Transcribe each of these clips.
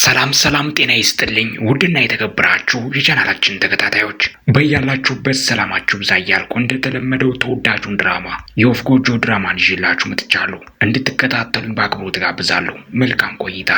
ሰላም ሰላም፣ ጤና ይስጥልኝ ውድና የተከበራችሁ የቻናላችን ተከታታዮች በያላችሁበት ሰላማችሁ ብዛ እያልኩ እንደተለመደው ተወዳጁን ድራማ የወፍ ጎጆ ድራማን ይዤላችሁ መጥቻለሁ። እንድትከታተሉን በአክብሮት ጋብዛለሁ። መልካም ቆይታ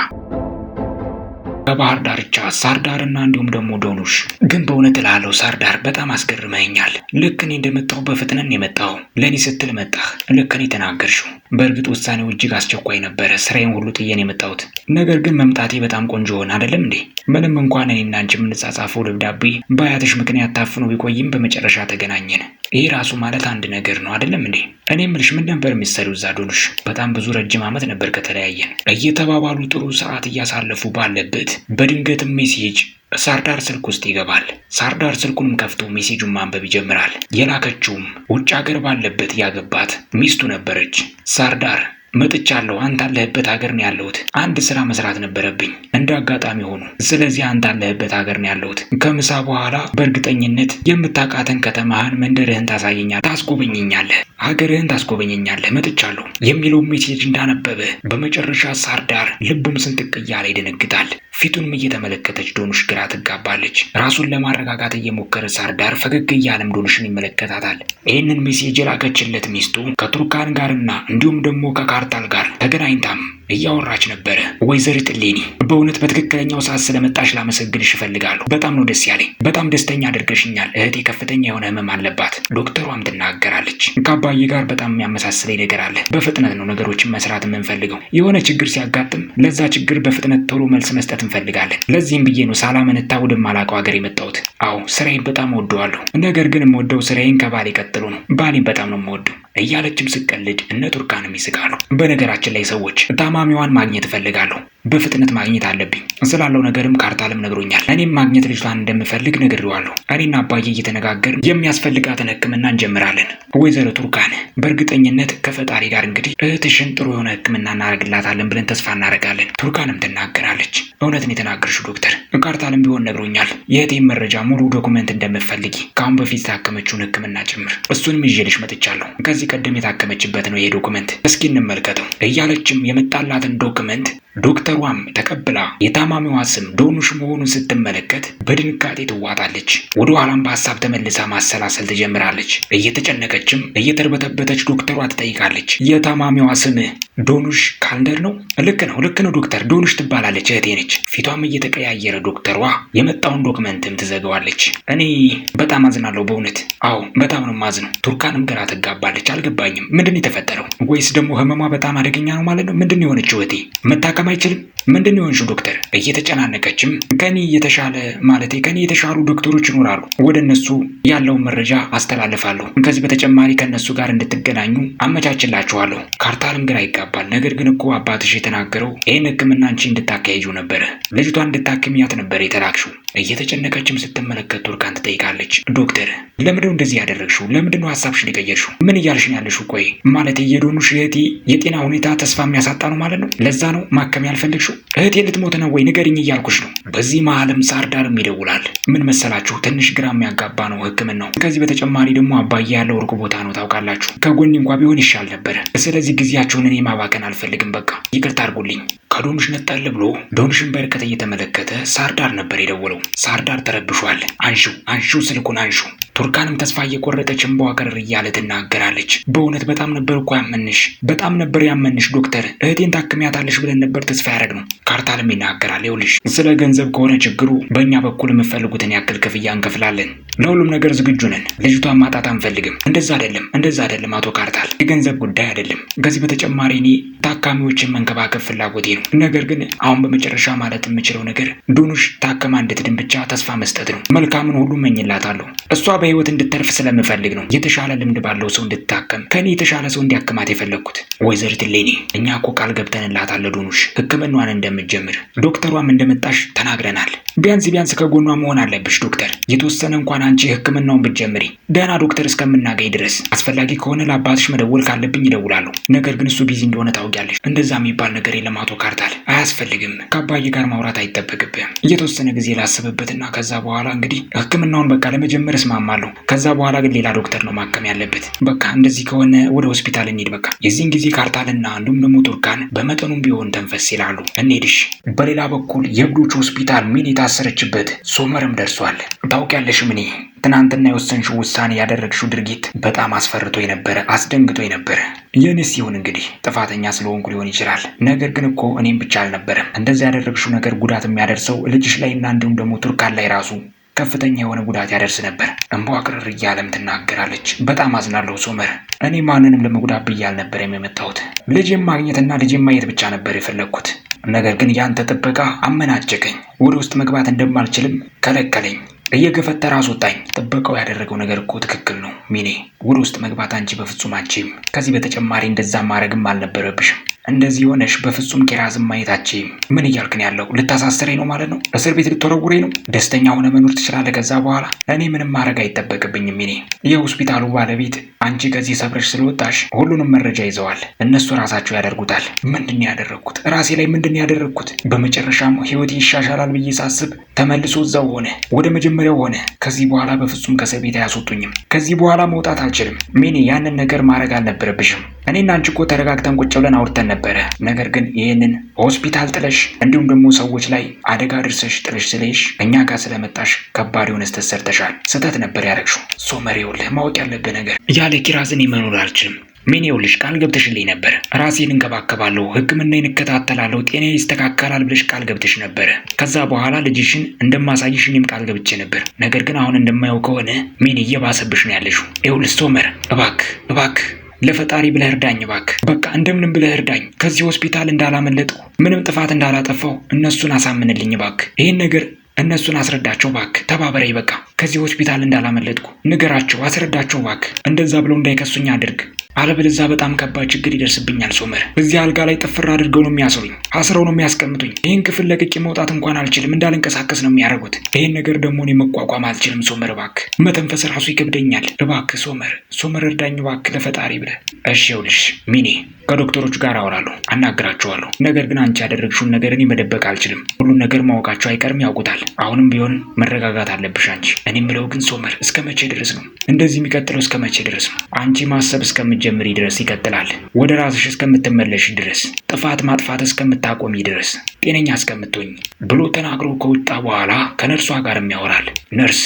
በባህር ዳርቻ ሳርዳርና እንዲሁም ደግሞ ዶኑሽ ግን በእውነት እላለሁ ሳርዳር በጣም አስገርመኛል። ልክ እኔ እንደመጣሁ በፍጥነን የመጣሁ ለእኔ ስትል መጣህ። ልክ እኔ ተናገርሽው። በእርግጥ ውሳኔው እጅግ አስቸኳይ ነበረ፣ ስራዬን ሁሉ ጥዬን የመጣሁት ነገር ግን መምጣቴ በጣም ቆንጆ ሆነ አይደለም እንዴ? ምንም እንኳን እኔና አንቺ የምንጻጻፈው ደብዳቤ በአያትሽ ምክንያት ታፍኖ ቢቆይም በመጨረሻ ተገናኘን። ይህ ራሱ ማለት አንድ ነገር ነው አይደለም እንዴ? እኔ ምልሽ ምን ነበር የሚሰሪው እዛ ዶኑሽ? በጣም ብዙ ረጅም ዓመት ነበር ከተለያየን። እየተባባሉ ጥሩ ሰዓት እያሳለፉ ባለበት በድንገትም ሜሴጅ ሳርዳር ስልክ ውስጥ ይገባል። ሳርዳር ስልኩንም ከፍቶ ሜሴጁን ማንበብ ይጀምራል። የላከችውም ውጭ ሀገር ባለበት ያገባት ሚስቱ ነበረች። ሳርዳር መጥቻለሁ። አንተ አለህበት ሀገር ነው ያለሁት። አንድ ስራ መስራት ነበረብኝ እንደ አጋጣሚ ሆኑ። ስለዚህ አንተ አለህበት ሀገር ነው ያለሁት። ከምሳ በኋላ በእርግጠኝነት የምታውቃትን ከተማህን መንደርህን ታሳየኛል። ታስጎበኘኛለህ። ሀገርህን ታስጎበኘኛለህ መጥቻለሁ የሚለው ሜሴጅ እንዳነበበ በመጨረሻ ሳርዳር ልቡም ስንጥቅ እያለ ይደነግጣል። ፊቱንም እየተመለከተች ዶኑሽ ግራ ትጋባለች። ራሱን ለማረጋጋት እየሞከረ ሳርዳር ፈገግ እያለም ዶኑሽን ይመለከታታል። ይህንን ሜሴጅ የላከችለት ሚስቱ ከቱርካን ጋርና እንዲሁም ደግሞ ከካርታል ጋር ተገናኝታም እያወራች ነበረ። ወይዘሪት ጥሌኒ በእውነት በትክክለኛው ሰዓት ስለመጣሽ ላመሰግንሽ እፈልጋለሁ። በጣም ነው ደስ ያለኝ። በጣም ደስተኛ አድርገሽኛል። እህቴ ከፍተኛ የሆነ ህመም አለባት፣ ዶክተሯም ትናገራለች። ካባ ከአባዬ ጋር በጣም የሚያመሳስለኝ ነገር አለ። በፍጥነት ነው ነገሮችን መስራት የምንፈልገው። የሆነ ችግር ሲያጋጥም ለዛ ችግር በፍጥነት ቶሎ መልስ መስጠት እንፈልጋለን። ለዚህም ብዬ ነው ሳላመነታ ወደማላውቀው ሀገር የመጣሁት። አዎ ስራዬን በጣም እወደዋለሁ። ነገር ግን የምወደው ስራዬን ከባሌ ቀጥሎ ነው። ባሌን በጣም ነው የምወደው እያለችም ስቀልድ እነ ቱርካንም ይስቃሉ። በነገራችን ላይ ሰዎች ታማሚዋን ማግኘት እፈልጋለሁ። በፍጥነት ማግኘት አለብኝ። ስላለው ነገርም ካርታለም ነግሮኛል። እኔም ማግኘት ልጅቷን እንደምፈልግ ነግሬዋለሁ። እኔና አባዬ እየተነጋገርን የሚያስፈልጋትን ሕክምና እንጀምራለን። ወይዘሮ ቱርካን በእርግጠኝነት ከፈጣሪ ጋር እንግዲህ እህትሽን ጥሩ የሆነ ሕክምና እናደርግላታለን ብለን ተስፋ እናደርጋለን። ቱርካንም ትናገራለች። እውነትን የተናገርሽው ዶክተር፣ ካርታለም ቢሆን ነግሮኛል። የእህቴም መረጃ ሙሉ ዶኩመንት እንደምፈልጊ ከአሁን በፊት የታከመችውን ሕክምና ጭምር እሱንም ይዤልሽ መጥቻለሁ። ከዚህ ቀደም የታከመችበት ነው ይሄ ዶኩመንት፣ እስኪ እንመልከተው እያለችም የመጣላትን ዶክመንት ዶክተር ጠጠሯም ተቀብላ የታማሚዋ ስም ዶኑሽ መሆኑን ስትመለከት በድንጋጤ ትዋጣለች። ወደ ኋላም በሀሳብ ተመልሳ ማሰላሰል ትጀምራለች። እየተጨነቀችም እየተርበተበተች ዶክተሯ ትጠይቃለች። የታማሚዋ ስም ዶኑሽ ካልደር ነው። ልክ ነው፣ ልክ ነው ዶክተር ዶኑሽ ትባላለች። እህቴ ነች። ፊቷም እየተቀያየረ ዶክተሯ የመጣውን ዶክመንትም ትዘገዋለች። እኔ በጣም አዝናለሁ በእውነት አዎ፣ በጣም ነው ማዝነው። ቱርካንም ግራ ትጋባለች። አልገባኝም፣ ምንድን የተፈጠረው? ወይስ ደግሞ ህመሟ በጣም አደገኛ ነው ማለት ነው? ምንድን የሆነችው እህቴ? መታከም አይችልም? ምንድን የሆንሽው ዶክተር? እየተጨናነቀችም ከኔ የተሻለ ማለቴ ከኔ የተሻሉ ዶክተሮች ይኖራሉ፣ ወደ እነሱ ያለውን መረጃ አስተላልፋለሁ። ከዚህ በተጨማሪ ከእነሱ ጋር እንድትገናኙ አመቻችላችኋለሁ። ካርታልም ግራ ይጋ ይጋባል። ነገር ግን እኮ አባትሽ የተናገረው ይህን ሕክምና አንቺ እንድታካሄጁ ነበረ። ልጅቷ እንድታክምያት ነበር የተላክሽው። እየተጨነቀችም ስትመለከት ቱርካን ትጠይቃለች። ዶክተር ለምንድነው እንደዚህ ያደረግሽው? ለምንድነው ሀሳብሽን የቀየርሽው? ምን እያልሽን ያለሽው? ቆይ ማለት የዶኑሽ እህቴ የጤና ሁኔታ ተስፋ የሚያሳጣ ነው ማለት ነው? ለዛ ነው ማከም ያልፈለግሽው? እህቴ ልትሞት ነው ወይ? ንገርኝ እያልኩሽ ነው። በዚህ መሀልም ሳርዳርም ይደውላል። ምን መሰላችሁ፣ ትንሽ ግራ የሚያጋባ ነው ህክምናው ከዚህ በተጨማሪ ደግሞ አባዬ ያለው ሩቅ ቦታ ነው ታውቃላችሁ። ከጎኔ እንኳ ቢሆን ይሻል ነበር። ስለዚህ ጊዜያችሁን እኔ ማባከን አልፈልግም። በቃ ይቅርታ አድርጉልኝ። ከዶንሽ ነጣለ ብሎ ዶንሽን በርቀት እየተመለከተ ሳርዳር ነበር የደወለው። ሳርዳር ተረብሿል። አንሹ አንሹ፣ ስልኩን አንሹ። ቱርካንም ተስፋ እየቆረጠች እንባዋ ቀረር እያለ ትናገራለች። በእውነት በጣም ነበር እኮ ያመንሽ፣ በጣም ነበር ያመንሽ ዶክተር። እህቴን ታክሚያታለሽ ብለን ነበር ተስፋ ነው። ካርታልም ይናገራል። ይኸውልሽ ስለ ገንዘብ ከሆነ ችግሩ በእኛ በኩል የምፈልጉትን ያክል ክፍያ እንከፍላለን። ለሁሉም ነገር ዝግጁ ነን። ልጅቷን ማጣት አንፈልግም። እንደዛ አይደለም፣ እንደዛ አይደለም አቶ ካርታል፣ የገንዘብ ጉዳይ አይደለም። ከዚህ በተጨማሪ እኔ ታካሚዎችን መንከባከብ ፍላጎቴ ነው። ነገር ግን አሁን በመጨረሻ ማለት የምችለው ነገር ዱኑሽ ታከማ እንድትድን ብቻ ተስፋ መስጠት ነው። መልካምን ሁሉ መኝላታለሁ። እሷ በህይወት እንድተርፍ ስለምፈልግ ነው። የተሻለ ልምድ ባለው ሰው እንድታከም ከኔ የተሻለ ሰው እንዲያክማት የፈለግኩት። ወይዘሪት እሌኒ እኛ እኮ ቃል ገብተንላታል ለዶኑሽ ህክምናዋን እንደምትጀምር ዶክተሯም እንደመጣሽ ተናግረናል። ቢያንስ ቢያንስ ከጎኗ መሆን አለብሽ ዶክተር። የተወሰነ እንኳን አንቺ ህክምናውን ብትጀምሪ ደህና ዶክተር እስከምናገኝ ድረስ። አስፈላጊ ከሆነ ለአባትሽ መደወል ካለብኝ ይደውላሉ። ነገር ግን እሱ ቢዚ እንደሆነ ታውቂያለሽ። እንደዛ የሚባል ነገር የለም አቶ ካርታል፣ አያስፈልግም። ከአባዬ ጋር ማውራት አይጠበቅብህም። እየተወሰነ ጊዜ ላስብበትና ከዛ በኋላ እንግዲህ ህክምናውን በቃ ለመጀመር እስማማለሁ። ከዛ በኋላ ግን ሌላ ዶክተር ነው ማከም ያለበት። በቃ እንደዚህ ከሆነ ወደ ሆስፒታል እንሂድ። በቃ የዚህን ጊዜ ካርታልና እንዲሁም ደግሞ ቱርካን በመጠኑም ቢሆን ተንፈስ ይላሉ። እንሂድሽ። በሌላ በኩል የእብዶች ሆስፒታል ሚሊታ የታሰረችበት ሶመርም ደርሷል። ታውቂያለሽ ምኔ፣ ትናንትና የወሰንሽው ውሳኔ ያደረግሽው ድርጊት በጣም አስፈርቶ የነበረ አስደንግጦ የነበረ የኔ ሲሆን እንግዲህ ጥፋተኛ ስለሆንኩ ሊሆን ይችላል። ነገር ግን እኮ እኔም ብቻ አልነበረም እንደዚህ ያደረግሽው ነገር ጉዳት የሚያደርሰው ልጅሽ ላይና እንዲሁም ደግሞ ቱርካን ላይ ራሱ ከፍተኛ የሆነ ጉዳት ያደርስ ነበር። እንቧ ቅርር እያለም ትናገራለች። በጣም አዝናለሁ ሶመር፣ እኔ ማንንም ለመጉዳት ብዬ አልነበረም የመጣሁት። ልጅም ማግኘትና ልጅም ማየት ብቻ ነበር የፈለግኩት። ነገር ግን ያንተ ጥበቃ አመናጨቀኝ። ወደ ውስጥ መግባት እንደማልችልም ከለከለኝ። እየገፈተረ አስወጣኝ። ጥበቃው ያደረገው ነገር እኮ ትክክል ነው ሚኔ። ወደ ውስጥ መግባት አንቺ በፍጹም አንቺም። ከዚህ በተጨማሪ እንደዛ ማድረግም አልነበረብሽም። እንደዚህ ሆነሽ በፍጹም ኬራዝም ማየት ምን እያልክን ያለው ልታሳስረኝ ነው ማለት ነው? እስር ቤት ልትወረውረኝ ነው? ደስተኛ ሆነ መኖር ትችላለ ከዛ በኋላ እኔ ምንም ማድረግ አይጠበቅብኝም። ኔ የሆስፒታሉ ባለቤት አንቺ ከዚህ ሰብረሽ ስለወጣሽ ሁሉንም መረጃ ይዘዋል። እነሱ ራሳቸው ያደርጉታል። ምንድን ያደረግኩት ራሴ ላይ ምንድን ያደረግኩት? በመጨረሻም ህይወት ይሻሻላል ብዬ ሳስብ ተመልሶ እዛው ሆነ፣ ወደ መጀመሪያው ሆነ። ከዚህ በኋላ በፍጹም ከእስር ቤት አያስወጡኝም። ከዚህ በኋላ መውጣት አልችልም። ሜኔ ያንን ነገር ማድረግ አልነበረብሽም። እኔና አንቺ እኮ ተረጋግተን ቁጭ ብለን አውርተን ነበረ። ነገር ግን ይህንን ሆስፒታል ጥለሽ እንዲሁም ደግሞ ሰዎች ላይ አደጋ ድርሰሽ ጥለሽ ስለሽ እኛ ጋር ስለመጣሽ ከባድ የሆነ ስህተት ሰርተሻል። ስህተት ነበር ያደረግሽው። ሶመር ይኸውልህ፣ ማወቅ ያለብህ ነገር ያለ ኪራዝ እኔ መኖር አልችልም። ምን ይኸውልሽ፣ ቃል ገብተሽልኝ ነበር። ራሴን እንከባከባለሁ፣ ሕክምናዬን እከታተላለሁ፣ ጤና ይስተካከላል ብለሽ ቃል ገብተሽ ነበረ። ከዛ በኋላ ልጅሽን እንደማሳይሽ እኔም ቃል ገብቼ ነበር። ነገር ግን አሁን እንደማየው ከሆነ ምን እየባሰብሽ ነው ያለሽው። ይኸውልህ ሶመር፣ እባክህ እባክህ ለፈጣሪ ብለህ እርዳኝ ባክ። በቃ እንደምንም ብለህ እርዳኝ። ከዚህ ሆስፒታል እንዳላመለጥኩ ምንም ጥፋት እንዳላጠፋው እነሱን አሳምንልኝ ባክ ይህን ነገር እነሱን አስረዳቸው ባክ ተባበረኝ። በቃ ከዚህ ሆስፒታል እንዳላመለጥኩ ንገራቸው፣ አስረዳቸው ባክ እንደዛ ብለው እንዳይከሱኝ አድርግ። አለበለዚያ በጣም ከባድ ችግር ይደርስብኛል። ሶመር እዚህ አልጋ ላይ ጥፍር አድርገው ነው የሚያስሩኝ፣ አስረው ነው የሚያስቀምጡኝ። ይህን ክፍል ለቅቄ መውጣት እንኳን አልችልም፣ እንዳልንቀሳቀስ ነው የሚያደርጉት። ይህን ነገር ደግሞ እኔ መቋቋም አልችልም። ሶመር እባክህ፣ መተንፈስ ራሱ ይከብደኛል። እባክህ ሶመር፣ ሶመር እርዳኝ እባክህ፣ ለፈጣሪ ብለህ። እሺ ይኸውልሽ ሚኔ ከዶክተሮች ጋር አወራለሁ፣ አናግራቸዋለሁ። ነገር ግን አንቺ ያደረግሽውን ነገር እኔ መደበቅ አልችልም። ሁሉን ነገር ማወቃቸው አይቀርም፣ ያውቁታል። አሁንም ቢሆን መረጋጋት አለብሽ አንቺ። እኔ የምለው ግን ሶመር እስከ መቼ ድረስ ነው እንደዚህ የሚቀጥለው? እስከ መቼ ድረስ ነው አንቺ ማሰብ እስከምጅ እስከምትጀምሪ ድረስ ይቀጥላል። ወደ ራስሽ እስከምትመለሽ ድረስ፣ ጥፋት ማጥፋት እስከምታቆሚ ድረስ፣ ጤነኛ እስከምትሆኝ ብሎ ተናግሮ ከወጣ በኋላ ከነርሷ ጋርም ያወራል። ነርስ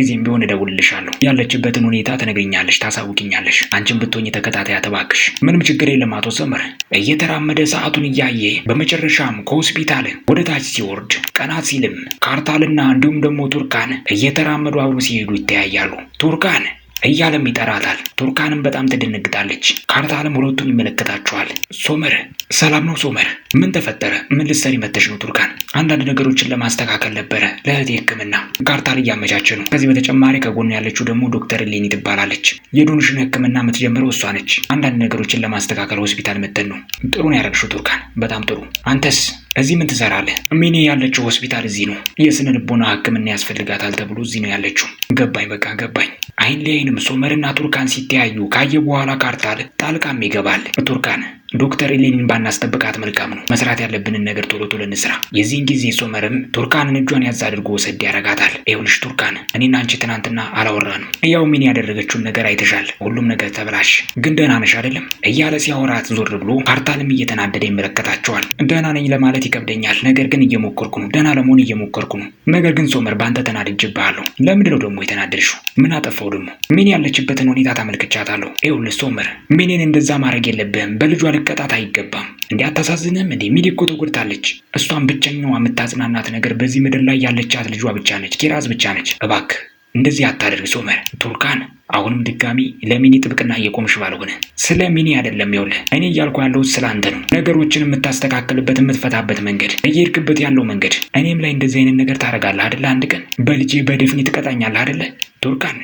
ጊዜም ቢሆን እደውልልሻለሁ፣ ያለችበትን ሁኔታ ትነግሪኛለሽ፣ ታሳውቂኛለሽ። አንቺን ብትሆኝ ተከታታይ አተባክሽ። ምንም ችግር የለም አቶ ሰመር። እየተራመደ ሰዓቱን እያየ በመጨረሻም ከሆስፒታል ወደ ታች ሲወርድ ቀናት ሲልም ካርታልና እንዲሁም ደግሞ ቱርካን እየተራመዱ አብሮ ሲሄዱ ይተያያሉ። ቱርካን እያለም ይጠራታል። ቱርካንም በጣም ትደነግጣለች። ካርታልም ሁለቱን ይመለከታቸዋል። ሶመር ሰላም ነው? ሶመር ምን ተፈጠረ? ምን ልትሰሪ መተሽ ነው? ቱርካን አንዳንድ ነገሮችን ለማስተካከል ነበረ ለእህቴ ሕክምና ካርታል እያመቻቸ ነው። ከዚህ በተጨማሪ ከጎን ያለችው ደግሞ ዶክተር ሌኒ ትባላለች። የዱንሽን ሕክምና የምትጀምረው እሷ ነች። አንዳንድ ነገሮችን ለማስተካከል ሆስፒታል መተን ነው። ጥሩ ነው ያደረግሽው ቱርካን፣ በጣም ጥሩ። አንተስ እዚህ ምን ትሰራለህ? እሜኔ ያለችው ሆስፒታል እዚህ ነው። የስነ ልቦና ሕክምና ያስፈልጋታል ተብሎ እዚህ ነው ያለችው። ገባኝ፣ በቃ ገባኝ። አይን ለአይንም ሶመርና ቱርካን ሲተያዩ ካየ በኋላ ካርታል ጣልቃም ይገባል። ቱርካን ዶክተር ኤሌኒን ባናስጠብቃት መልካም ነው። መስራት ያለብንን ነገር ቶሎ ቶሎ እንስራ። የዚህን ጊዜ ሶመርም ቱርካንን እጇን ያዝ አድርጎ ወሰድ ያረጋታል። ይኸውልሽ ቱርካን፣ እኔና አንቺ ትናንትና አላወራንም። ያው ሚን ያደረገችውን ነገር አይተሻል። ሁሉም ነገር ተብላሽ ግን ደህና ነሽ አይደለም እያለ ሲያወራት ዞር ብሎ ካርታልም እየተናደደ ይመለከታቸዋል። ደህና ነኝ ለማለት ይከብደኛል፣ ነገር ግን እየሞከርኩ ነው። ደህና ለመሆን እየሞከርኩ ነው። ነገር ግን ሶመር በአንተ ተናድጄብሃለሁ። ለምንድነው ደግሞ የተናደድሽው? ምን አጠፋው ደግሞ? ሚን ያለችበትን ሁኔታ ታመልክቻታለሁ። ይኸውልሽ ሶመር፣ ሚኔን እንደዛ ማድረግ የለብህም በልጇ መቀጣት አይገባም። እንዲህ አታሳዝንም? እንዲህ ሚሊ እኮ ተጎድታለች። እሷን ብቸኛዋ የምታጽናናት ነገር በዚህ ምድር ላይ ያለቻት ልጇ ብቻ ነች፣ ኪራዝ ብቻ ነች። እባክህ እንደዚህ አታደርግ ሶመር። ቱርካን አሁንም ድጋሚ ለሚኒ ጥብቅና እየቆምሽ ባልሆነ ስለ ሚኒ አይደለም ይኸውልህ፣ እኔ እያልኩ ያለሁት ስለ አንተ ነው። ነገሮችን የምታስተካክልበት የምትፈታበት መንገድ እየሄድክበት ያለው መንገድ እኔም ላይ እንደዚህ አይነት ነገር ታደርጋለህ አደለ? አንድ ቀን በልጄ በደፍኒ ትቀጣኛለህ አደለ? ቱርካን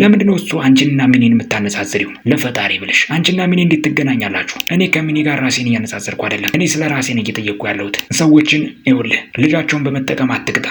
ለምንድነው እሱ አንቺንና ሚኔን የምታነጻጽሪው? ለፈጣሪ ብለሽ አንቺና ሚኒ እንዴት ትገናኛላችሁ? እኔ ከሚኒ ጋር ራሴን እያነጻጽርኩ አይደለም። እኔ ስለ ራሴን እየጠየቅኩ ያለሁት ሰዎችን ይውልህ ልጃቸውን በመጠቀም አትቅጣ።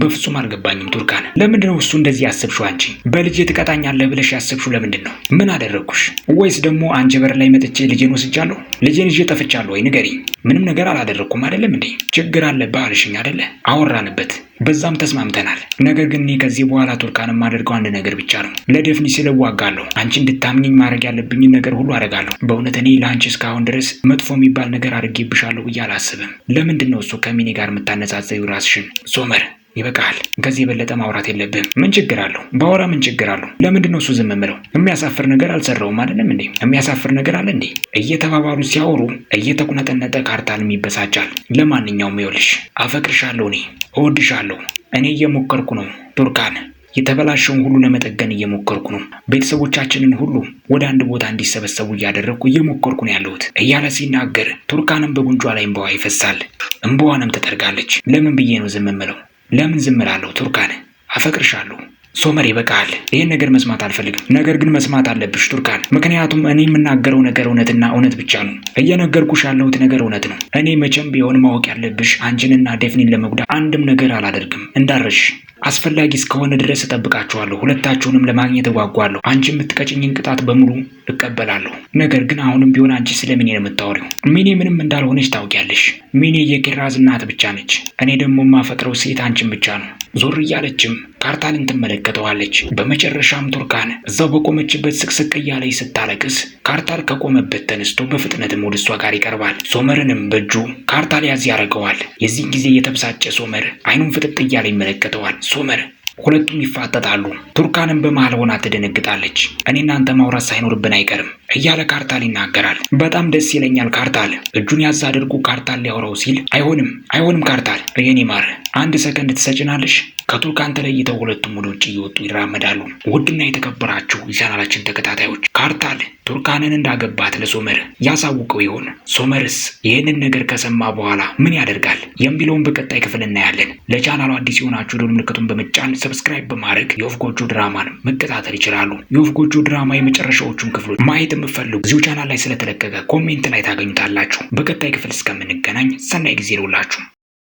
በፍጹም አልገባኝም ቱርካን፣ ለምንድን ነው እሱ እንደዚህ ያስብሽው? አንቺ በልጅ ትቀጣኛለህ ብለሽ ያስብሽው ለምንድን ነው? ምን አደረግኩሽ? ወይስ ደግሞ አንቺ በር ላይ መጥቼ ልጄን ወስጃለሁ? ልጄን ይዤ ጠፍቻለሁ ወይ? ንገሪኝ። ምንም ነገር አላደረግኩም አይደለም እንዴ? ችግር አለብህ አልሽኝ አይደለ? አወራንበት በዛም ተስማምተናል። ነገር ግን እኔ ከዚህ በኋላ ቱርካን የማደርገው አንድ ነገር ብቻ ነው። ለደፍኒ ስል እዋጋለሁ። አንቺ እንድታምኝኝ ማድረግ ያለብኝን ነገር ሁሉ አደርጋለሁ። በእውነት እኔ ለአንቺ እስካሁን ድረስ መጥፎ የሚባል ነገር አድርጌብሻለሁ ብዬ አላስብም። ለምንድን ነው እሱ ከሚኔ ጋር የምታነጻጽሪው ራስሽን ሶመር? ይበቃል። ከዚህ የበለጠ ማውራት የለብህም። ምን ችግር አለው? ባወራ ምን ችግር አለው? ለምንድን ነው እሱ ዝም የምለው? የሚያሳፍር ነገር አልሰራውም አይደለም እንዴ? የሚያሳፍር ነገር አለ እንዴ? እየተባባሉ ሲያወሩ እየተቁነጠነጠ ካርታልም ይበሳጫል። ለማንኛውም ይኸውልሽ፣ አፈቅርሻለሁ፣ እኔ እወድሻለሁ። እኔ እየሞከርኩ ነው ቱርካን የተበላሸውን ሁሉ ለመጠገን እየሞከርኩ ነው። ቤተሰቦቻችንን ሁሉ ወደ አንድ ቦታ እንዲሰበሰቡ እያደረግኩ እየሞከርኩ ነው ያለሁት እያለ ሲናገር ቱርካንም በጉንጯ ላይ እንባዋ ይፈሳል። እንባዋንም ትጠርጋለች። ለምን ብዬ ነው ዝም ለምን ዝም እላለሁ? ቱርካን አፈቅርሻለሁ። ሶመር ይበቃል። ይህን ነገር መስማት አልፈልግም። ነገር ግን መስማት አለብሽ ቱርካን፣ ምክንያቱም እኔ የምናገረው ነገር እውነትና እውነት ብቻ ነው። እየነገርኩሽ ያለሁት ነገር እውነት ነው። እኔ መቼም ቢሆን ማወቅ ያለብሽ አንቺንና ዴፍኒን ለመጉዳት አንድም ነገር አላደርግም። እንዳረሽ አስፈላጊ እስከሆነ ድረስ እጠብቃችኋለሁ። ሁለታችሁንም ለማግኘት እጓጓለሁ። አንቺ የምትቀጭኝን ቅጣት በሙሉ እቀበላለሁ። ነገር ግን አሁንም ቢሆን አንቺ ስለ ሚኔ ነው የምታወሪው። ሚኔ ምንም እንዳልሆነች ታውቂያለሽ። ሚኔ የኪራዝ እናት ብቻ ነች። እኔ ደግሞ የማፈቅረው ሴት አንቺን ብቻ ነው። ዞር እያለችም ካርታልን ትመለከተዋለች። በመጨረሻም ቱርካን እዛው በቆመችበት ስቅስቅ እያለች ስታለቅስ ካርታል ከቆመበት ተነስቶ በፍጥነትም ወደ እሷ ጋር ይቀርባል። ሶመርንም በእጁ ካርታል ያዝ ያደርገዋል። የዚህ ጊዜ የተብሳጨ ሶመር አይኑን ፍጥጥ እያለ ይመለከተዋል። ሶመር ሁለቱም ይፋጠጣሉ። ቱርካንም በመሃል ሆና ትደነግጣለች። እኔ እናንተ ማውራት ሳይኖርብን አይቀርም እያለ ካርታል ይናገራል። በጣም ደስ ይለኛል ካርታል። እጁን ያዝ አድርጎ ካርታል ሊያወራው ሲል አይሆንም፣ አይሆንም ካርታል የኔ ማር አንድ ሰከንድ ትሰጭናለሽ ከቱርካን ተለይተው ሁለቱም ወደ ውጭ እየወጡ ይራመዳሉ። ውድና የተከበራችሁ የቻናላችን ተከታታዮች ካርታል ቱርካንን እንዳገባት ለሶመር ያሳውቀው ይሆን? ሶመርስ ይህንን ነገር ከሰማ በኋላ ምን ያደርጋል የሚለውን በቀጣይ ክፍል እናያለን። ለቻናሉ አዲስ የሆናችሁ ደወል ምልክቱን በመጫን ሰብስክራይብ በማድረግ የወፍ ጎጆ ድራማን መከታተል ይችላሉ። የወፍ ጎጆ ድራማ የመጨረሻዎቹን ክፍሎች ማየት የምፈልጉ እዚሁ ቻናል ላይ ስለተለቀቀ ኮሜንት ላይ ታገኙታላችሁ። በቀጣይ ክፍል እስከምንገናኝ ሰናይ ጊዜ ይሁንላችሁ።